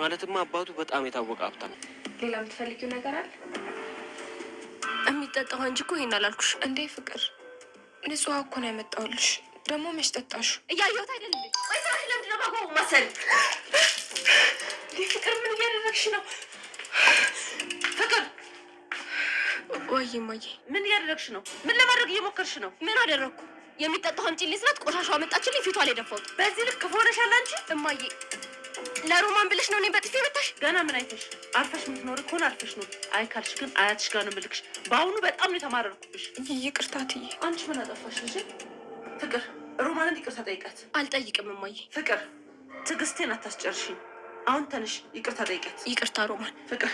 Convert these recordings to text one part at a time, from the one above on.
ማለትማ አባቱ በጣም የታወቀ ሀብታ ነው። ሌላ የምትፈልጊው ነገር አለ? የሚጠጣው እንጂ እኮ ይሄን አላልኩሽ እንዴ ፍቅር። ንጹህ እኮ ነው ያመጣሁልሽ። ደግሞ መች ጠጣሹ? እያየሁት አይደለም። ፍቅር ምን እያደረግሽ ነው? ፍቅር ወይ ወይ፣ ምን እያደረግሽ ነው? ምን ለማድረግ እየሞከርሽ ነው? ምን አደረግኩ? የሚጠጣው አምጪልኝ ስላት ቆሻሻ አመጣችልኝ፣ ፊቷ ላይ ደፋሁት። በዚህ ልክ ከሆነሻል አንቺ እማዬ ለሮማን ብለሽ ነው እኔ በጥፊ መታሽ? ገና ምን አይተሽ? አርፈሽ የምትኖር ከሆነ አርፈሽ ነው፣ አይ ካልሽ ግን አያትሽ ጋር ነው የምልክሽ። በአሁኑ በጣም ነው የተማረርኩብሽ። ይቅርታ ትዬ። አንቺ ምን አጠፋሽ ልጄ? ፍቅር ሮማንን ይቅርታ ጠይቀት። አልጠይቅም እማዬ። ፍቅር ትዕግስቴን አታስጨርሽኝ። አሁን ተነሽ ይቅርታ ጠይቀት። ይቅርታ ሮማን። ፍቅር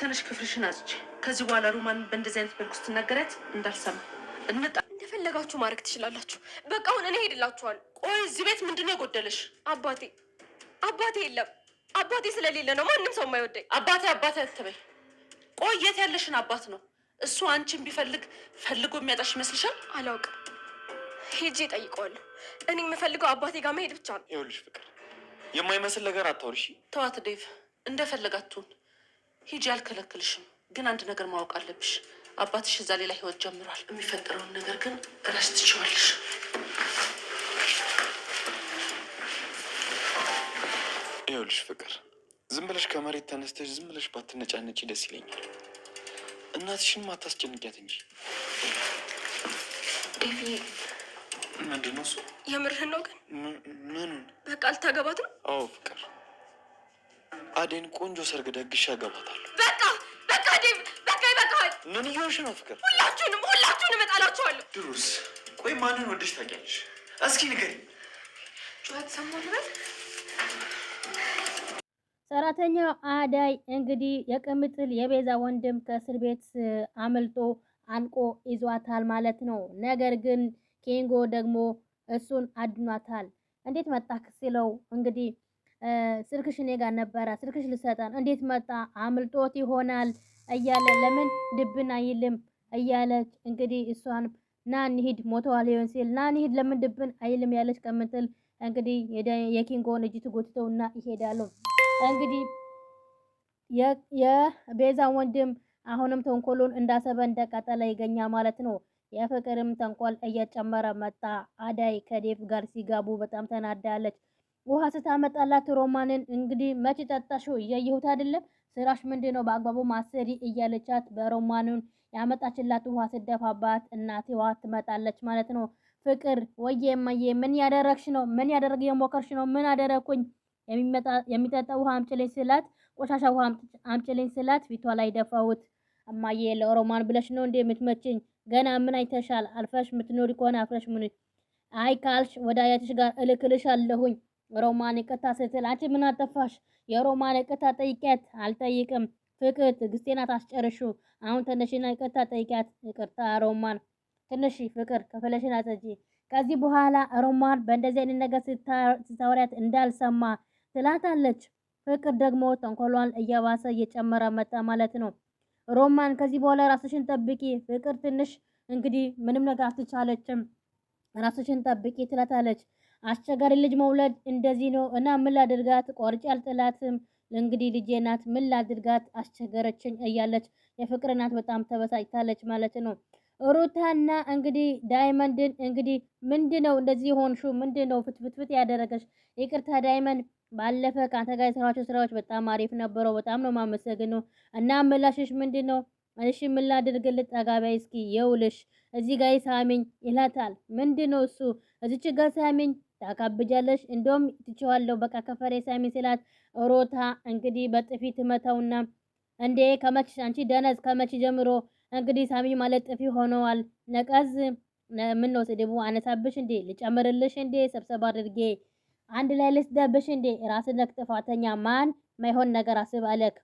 ተነሽ ክፍልሽን አጽጂ። ከዚህ በኋላ ሮማን በእንደዚህ አይነት መልኩ ስትናገሪያት እንዳልሰማ እንጣ እንደፈለጋችሁ ማድረግ ትችላላችሁ። በቃ አሁን እኔ ሄድላችኋል። ቆይ እዚህ ቤት ምንድን ነው የጎደለሽ አባቴ? አባቴ የለም። አባቴ ስለሌለ ነው ማንም ሰው የማይወደኝ። አባቴ አባቴ አትበይ። ቆየት ያለሽን አባት ነው እሱ። አንቺን ቢፈልግ ፈልጎ የሚያጣሽ ይመስልሻል? አላውቅም። ሄጂ እጠይቀዋለሁ። እኔ የምፈልገው አባቴ ጋር መሄድ ብቻ ነው። ይኸውልሽ ፍቅር፣ የማይመስል ነገር አታውሪ። ተዋት ዴቭ፣ እንደፈለጋትሁን ሂጂ፣ አልከለክልሽም። ግን አንድ ነገር ማወቅ አለብሽ። አባትሽ እዛ ሌላ ህይወት ጀምሯል። የሚፈጠረውን ነገር ግን ረስትችዋለሽ። ይኸውልሽ ፍቅር፣ ዝም ብለሽ ከመሬት ተነስተሽ ዝም ብለሽ ባትነጫነጪ ደስ ይለኛል። እናትሽንም አታስጨንቂያት እንጂ ዴቪ። ምንድን ነው እሱ? የምርህን ነው ግን? ምኑን? በቃ ነው? አዎ ፍቅር፣ አዴን ቆንጆ ሰርግ ደግሼ አገባታለሁ። በቃ በቃ ዴቪ፣ በቃ ይበቃል። ምን እየሆንሽ ነው ፍቅር? ሁላችሁንም ሁላችሁንም እጣላችኋለሁ። ድሩስ፣ ቆይ ማንን ወደሽ ታውቂያለሽ? እስኪ ንገሪኝ። ጩኸት ሰማሁ ልበል ሰራተኛው አዳይ እንግዲህ የቅምጥል የቤዛ ወንድም ከእስር ቤት አምልጦ አንቆ ይዟታል ማለት ነው። ነገር ግን ኬንጎ ደግሞ እሱን አድኗታል። እንዴት መጣ ሲለው እንግዲህ ስልክሽ እኔ ጋር ነበረ፣ ስልክሽ ልሰጠን እንዴት መጣ አምልጦት ይሆናል እያለ ለምን ድብን አይልም እያለች እንግዲህ እሷን ና እንሂድ ሞተዋል ይሆን ሲል ና እንሂድ ለምን ድብን አይልም ያለች ቅምጥል እንግዲህ የኪንጎን እጅ ትጎትተውና ይሄዳሉ። እንግዲህ የቤዛ ወንድም አሁንም ተንኮሉን እንዳሰበ እንደቀጠለ ይገኛ ማለት ነው። የፍቅርም ተንኮል እየጨመረ መጣ። አዳይ ከዴፍ ጋር ሲጋቡ በጣም ተናዳለች። ውሃ ስታመጣላት ሮማንን እንግዲህ መች ጠጣሽው እያየሁት አይደለም ስራሽ ምንድን ነው? በአግባቡ ማሰሪ እያለቻት በሮማንን ያመጣችላት ውሃ ስደፋባት እናትዋ ትመጣለች ማለት ነው። ፍቅር ወየ እማዬ ምን ያደረግሽ ነው? ምን ያደረግ የሞከርሽ ነው? ምን አደረግኩኝ? የሚጠጣ ውሃ አምጭልኝ ስላት ቆሻሻ ውሃ አምጭልኝ ስላት ፊቷ ላይ ደፋሁት። እማዬ ለኦሮማን ብለሽ ነው እንዴ የምትመችኝ? ገና ምን አይተሻል? አልፈሽ የምትኖሪ ከሆነ አፍረሽ ምን አይ ካልሽ ወደ አያትሽ ጋር እልክልሽ አለሁኝ። ሮማን ይቅርታ ስትል አንቺ ምን አጠፋሽ? የሮማን ይቅርታ ጠይቂያት። አልጠይቅም ፍቅር ትዕግስቴን አታስጨርሹ። አሁን ተነሽና ይቅርታ ጠይቂያት። ይቅርታ ሮማን ትንሽ ፍቅር ክፍልሽን አስጂ። ከዚህ በኋላ ሮማን በእንደዚህ አይነት ነገር ስታወሪያት እንዳልሰማ ትላታለች። ፍቅር ደግሞ ተንኮሏን እየባሰ እየጨመረ መጣ ማለት ነው። ሮማን ከዚህ በኋላ ራስሽን ጠብቂ፣ ፍቅር ትንሽ እንግዲህ ምንም ነገር አትቻለችም፣ ራስሽን ጠብቂ ትላታለች። አስቸጋሪ ልጅ መውለድ እንደዚህ ነው እና ምን ላድርጋት? ቆርጬ አልጥላትም እንግዲህ ልጄ ናት፣ ምን ላድርጋት? አስቸገረችኝ እያለች የፍቅር እናት በጣም ተበሳጭታለች ማለት ነው። ሩታና እንግዲህ ዳይመንድን እንግዲህ ምንድን ነው እንደዚህ ሆንሹ? ምንድን ነው ፍትፍትፍት ያደረገሽ? ይቅርታ ዳይመንድ፣ ባለፈ ከአንተ ጋር የሰራቸው ስራዎች በጣም አሪፍ ነበረው። በጣም ነው ማመሰግነው። እና ምላሽሽ ምንድን ነው? እሺ ምን ላድርግልህ? ጠጋ እስኪ የውልሽ እዚህ ጋር ሳሚኝ ይላታል። ምንድን ነው እሱ እዚች ጋር ሳሚኝ ታካብጃለሽ፣ እንደውም ትችዋለሁ፣ በቃ ከፈሬ ሳሚኝ ስላት ሮታ እንግዲህ በጥፊት መተውና እንዴ ከመች አንቺ ደነዝ ከመች ጀምሮ እንግዲህ ሳሚ ማለት ጥፊ ሆነዋል። ነቀዝ ምን ነው ስድቡ? አነሳብሽ እንዴ? ልጨምርልሽ እንዴ? ሰብሰብ አድርጌ አንድ ላይ ልስደብሽ እንዴ? ራስን ነክ ጥፋተኛ ማን ማይሆን ነገር አስብ አለክ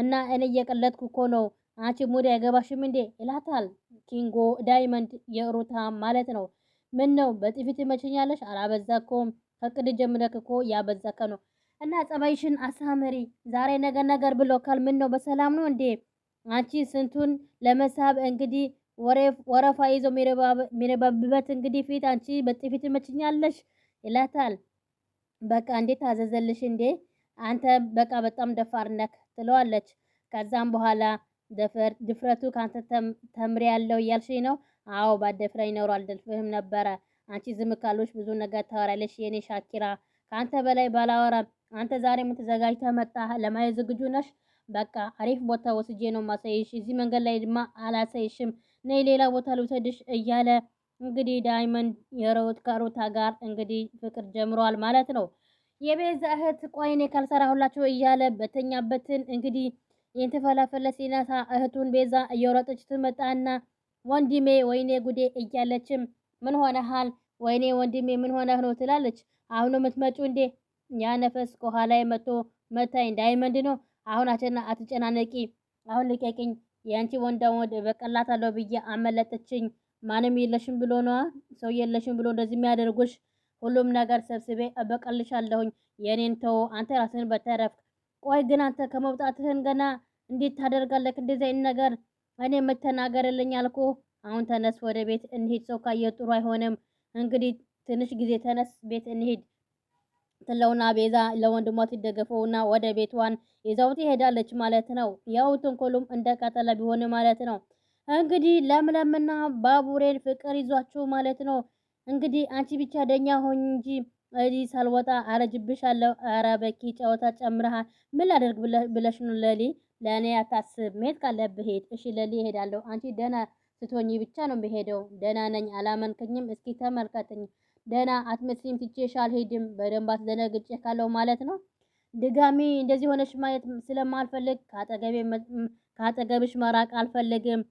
እና እኔ እየቀለድኩ እኮ ነው። አንቺ ሙድ አይገባሽም እንዴ? ይላታል ኪንጎ ዳይመንድ የሩታ ማለት ነው። ምን ነው በጥፊ ትመችኛለሽ? አላበዛኩም። ከቅድ ጀምረክ እኮ ያበዛከ ነው እና ጸባይሽን አሳምሪ። ዛሬ ነገ ነገር ብሎካል። ምን ነው በሰላም ነው እንዴ? አንቺ ስንቱን ለመሳብ እንግዲህ ወረፋ ይዞ የሚረባብበት እንግዲህ ፊት አንቺ በጥፊት ትመችኛለሽ ይላታል። በቃ እንዴት አዘዘልሽ እንዴ አንተ በቃ በጣም ደፋር ነክ ትለዋለች። ከዛም በኋላ ድፍረቱ ከአንተ ተምሪ ያለው እያልሽ ነው? አዎ ባደፍረ ይኖራል አልደፍርህም ነበረ። አንቺ ዝም ካሉሽ ብዙ ነገር ታወራለሽ የኔ ሻኪራ። ከአንተ በላይ ባላወራ አንተ ዛሬ ምን ተዘጋጅተህ መጣህ? ለማየት ዝግጁ ነሽ? በቃ አሪፍ ቦታ ወስጄ ነው ማሳይሽ፣ እዚህ መንገድ ላይ ድማ አላሳይሽም፣ ነይ ሌላ ቦታ ልውሰድሽ እያለ እንግዲህ ዳይመንድ የሮት ከሩታ ጋር እንግዲህ ፍቅር ጀምሯል ማለት ነው። የቤዛ እህት ቋይኔ ካልሰራሁላቸው እያለ በተኛበትን እንግዲህ የተፈላፈለ ሲነሳ እህቱን ቤዛ እየወረጠች ትመጣና ወንድሜ ወይኔ ጉዴ እያለችም ምን ሆነሃል? ወይኔ ወንድሜ ምን ሆነህ ነው ትላለች። አሁን የምትመጪው እንዴ? ያ ነፈስ ከኋላ መቶ መታኝ ዳይመንድ ነው አሁን አትጨናነቂ፣ አሁን ልቀቅኝ። የአንቺ ወንዳ ወንድ በቀላታለሁ ብዬ አመለጠችኝ። ማንም የለሽም ብሎ ነዋ፣ ሰው የለሽም ብሎ እንደዚህ የሚያደርጉሽ። ሁሉም ነገር ሰብስቤ እበቀልሻለሁኝ። የኔን ተው፣ አንተ ራስህን በተረፍ። ቆይ ግን አንተ ከመውጣትህን ገና እንዴት ታደርጋለህ እንደዚህ አይነት ነገር? እኔ የምተናገርልኝ አልኩ። አሁን ተነስ፣ ወደ ቤት እንሂድ። ሰው ካየ ጥሩ አይሆንም። እንግዲህ ትንሽ ጊዜ ተነስ፣ ቤት እንሂድ። ትለውና ቤዛ ለወንድሟ ትደገፈውና ወደ ቤቷን ይዘው ትሄዳለች ማለት ነው። ያው ተንኮሉም እንደቀጠለ ቢሆን ማለት ነው። እንግዲህ ለምለምና ባቡሬን ፍቅር ይዟቸው ማለት ነው። እንግዲህ አንቺ ብቻ ደኛ ሆኝ እንጂ እዚህ ሳልወጣ አረጅብሻለሁ። ኧረ በቂ ጨዋታ ጨምረሃል። ምን ላደርግ ብለሽ ነው ለሊ? ለእኔ አታስብ፣ መሄድ ካለብህ ሄድ። እሺ ለሊ እሄዳለሁ። አንቺ ደህና ስትሆኚ ብቻ ነው የምሄደው። ደህና ነኝ፣ አላመንከኝም? እስኪ ተመልከተኝ ደህና አትመስሪም፣ ትቼሽ አልሄድም። በደንብ አትዘነግጬ ካለው ማለት ነው። ድጋሚ እንደዚህ ሆነሽ ማየት ስለማልፈልግ ከአጠገብሽ መራቅ አልፈልግም።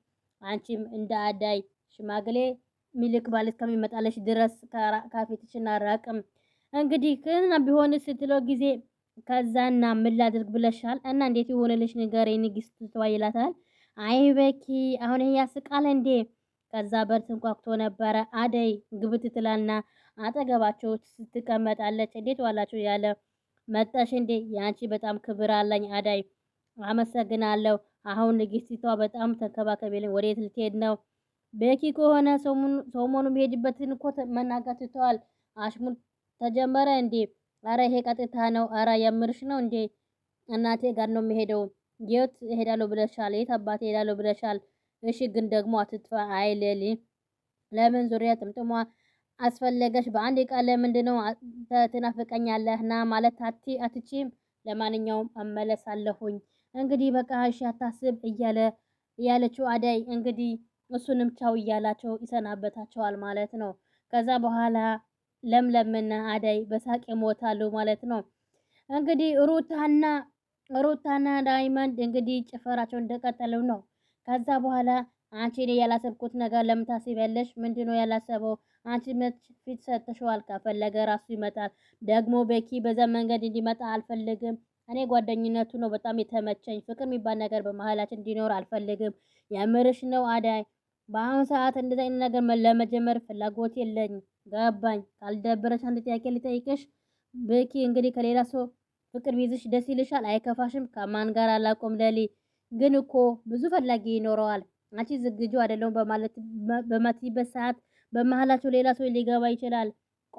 አንቺም እንደ አዳይ ሽማግሌ ሚልክ ባል እስከሚመጣለሽ ድረስ ከፊትሽና ራቅም። እንግዲህ ክህና ቢሆን ስትለው ጊዜ ከዛና ምን ላድርግ ብለሻል እና እንዴት የሆነልሽ ንገሬ ንግስት ተዋ ይላታል። አይ በኪ አሁን ያስቃል እንዴ? ከዛ በር ተንኳኩቶ ነበረ። አደይ ግብት ትላልና አጠገባቸው ስትቀመጣለች። እንዴት ዋላችሁ ያለ መጣሽ እንዴ? ያንቺ በጣም ክብር አለኝ አዳይ። አመሰግናለሁ። አሁን ንግስቲቷ በጣም ተንከባከቢልኝ። ወዴት ልትሄድ ነው? ቤኪ ከሆነ ሰሞኑ ሄድበትን እኮ መናገር ትተዋል። አሽሙር ተጀመረ እንዴ? አረ ይሄ ቀጥታ ነው። አረ የምርሽ ነው እንዴ? እናቴ ጋር ነው የሚሄደው። የት እሄዳለሁ ብለሻል? የት አባቴ እሄዳለሁ ብለሻል? እሺ ግን ደግሞ አትጥፋ አይለሊ ለምን ዙሪያ ጥምጥሟ አስፈለገሽ? በአንድ ቃል ለምንድነው ነው ማለት አቲ አትችም። ለማንኛውም አመለሳለሁኝ። እንግዲህ በቃ እሺ አታስብ እያለ እያለችው አደይ እንግዲህ እሱንም ቻው እያላቸው ይሰናበታቸዋል ማለት ነው። ከዛ በኋላ ለምለምና አደይ በሳቅ ይሞታሉ ማለት ነው። እንግዲህ ሩታና ሩታና ዳይመንድ እንግዲህ ጭፈራቸው እንደቀጠሉ ነው። ከዛ በኋላ አንቺ እኔ ያላሰብኩት ነገር ለምን ታስቢያለሽ? ምንድን ነው ያላሰበው? አንቺ መች ፊት ሰጥተሽዋል። ከፈለገ ራሱ ይመጣል። ደግሞ ቤኪ በዛ መንገድ እንዲመጣ አልፈልግም። እኔ ጓደኝነቱ ነው በጣም የተመቸኝ። ፍቅር የሚባል ነገር በመሀላችን እንዲኖር አልፈልግም። የምርሽ ነው አዳይ? በአሁኑ ሰዓት እንደዚህ አይነት ነገር ለመጀመር ፍላጎት የለኝ። ገባኝ። ካልደበረሽ አንድ ጥያቄ ልጠይቅሽ። ቤኪ እንግዲህ ከሌላ ሰው ፍቅር ቢይዝሽ ደስ ይልሻል? አይከፋሽም? ከማን ጋር አላቆም ለሊ ግን እኮ ብዙ ፈላጊ ይኖረዋል አንቺ ዝግጁ አይደለሁም በማለት በማትይበት ሰዓት በመሀላቸው ሌላ ሰው ሊገባ ይችላል።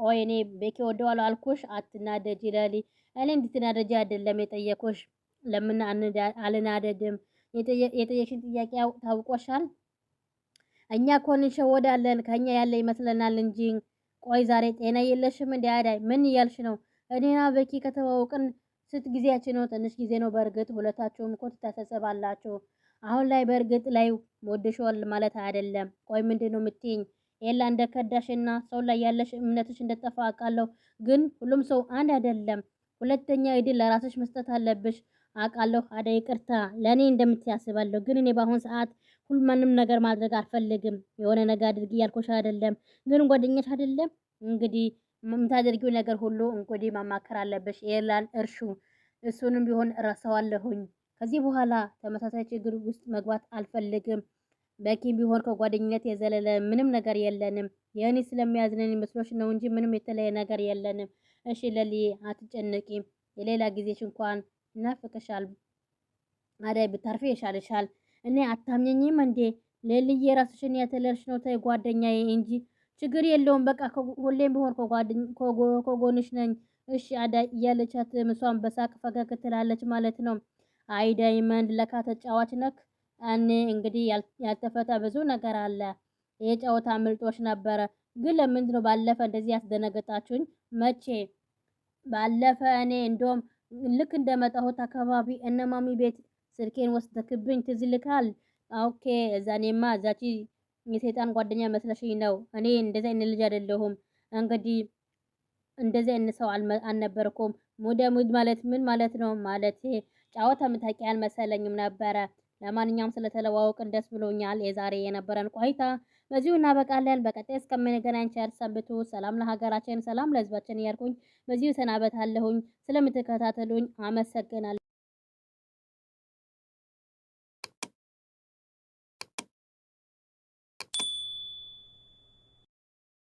ቆይ እኔ ቤኪ ወደዋለሁ አልኩሽ አትናደጅ ይላል። እኔ እንድትናደጅ አይደለም የጠየኩሽ። ለምን አልናደድም? የጠየቅሽን ጥያቄ ታውቆሻል። እኛ እኮ እንሸወዳለን ከኛ ያለ ይመስለናል እንጂ። ቆይ ዛሬ ጤና የለሽም እንደ አዳይ ምን እያልሽ ነው? እኔና በኪ ከተዋወቅን ስት ጊዜያችን ነው? ትንሽ ጊዜ ነው። በእርግጥ ሁለታችሁም እኮ ትታሰሰባላችሁ። አሁን ላይ በእርግጥ ላይ ወደሽዋል ማለት አይደለም። ቆይ ምንድን ነው የምትይኝ? ኤላ እንደ ከዳሽና ሰው ላይ ያለሽ እምነትሽ እንደጠፋ አውቃለሁ፣ ግን ሁሉም ሰው አንድ አይደለም። ሁለተኛ እድል ለራስሽ መስጠት አለብሽ አውቃለሁ። አደይ ይቅርታ፣ ለእኔ እንደምትያስባለሁ፣ ግን እኔ በአሁን ሰዓት ሁሉንም ነገር ማድረግ አልፈልግም። የሆነ ነገር አድርጊ እያልኩሽ አይደለም፣ ግን ጓደኛሽ አይደለም እንግዲህ የምታደርጊው ነገር ሁሉ እንግዲህ ማማከር አለብሽ። ኤላን እርሹ። እሱንም ቢሆን እረሳዋለሁኝ። ከዚህ በኋላ ተመሳሳይ ችግር ውስጥ መግባት አልፈልግም። በኪም ቢሆን ከጓደኝነት የዘለለ ምንም ነገር የለንም። የእኔ ስለሚያዝነን መስሎሽ ነው እንጂ ምንም የተለየ ነገር የለንም። እሺ ለልዬ አትጨነቂ፣ የሌላ ጊዜሽ እንኳን እናፍቅሻል። አዳይ ብታርፊ ይሻልሻል። እኔ አታምኘኝም እንዴ ለልዬ? ራስሽን ያተለርሽ ነው። ተይ ጓደኛዬ እንጂ ችግር የለውም። በቃ ሁሌም ቢሆን ከጎንሽ ነኝ። እሺ አዳይ እያለቻት ምሷን በሳቅ ፈገግ ትላለች ማለት ነው። አይ ዳይመንድ ለካ ተጫዋች ነክ። እኔ እንግዲህ ያልተፈታ ብዙ ነገር አለ። ይሄ ጨዋታ ነበር ነበረ፣ ግን ለምንድን ነው ባለፈ እንደዚህ ያስደነገጣችሁኝ? መቼ ባለፈ እኔ እንደውም ልክ እንደመጣሁት አካባቢ እነማሚ ቤት ስልኬን ወስደክብኝ ትዝ ይልካል። ኦኬ እዛኔማ እዛቺ የሰይጣን ጓደኛ መስለሽኝ ነው። እኔ እንደዚህ አይነት ልጅ አይደለሁም። እንግዲህ እንደዚህ አይነት ሰው አልነበርኩም። ሙደ ሙድ ማለት ምን ማለት ነው ማለት ጫወተ የምታውቂ አልመሰለኝም ነበረ። ለማንኛውም ስለተለዋወቅን ደስ ብሎኛል። የዛሬ የነበረን ቆይታ በዚሁ እናበቃለን። በቀጣይ እስከምንገናኝ ቸር ሰንብቱ። ሰላም ለሀገራችን፣ ሰላም ለሕዝባችን እያልኩኝ በዚሁ ሰናበታለሁኝ። ስለምትከታተሉኝ አመሰግናለሁ።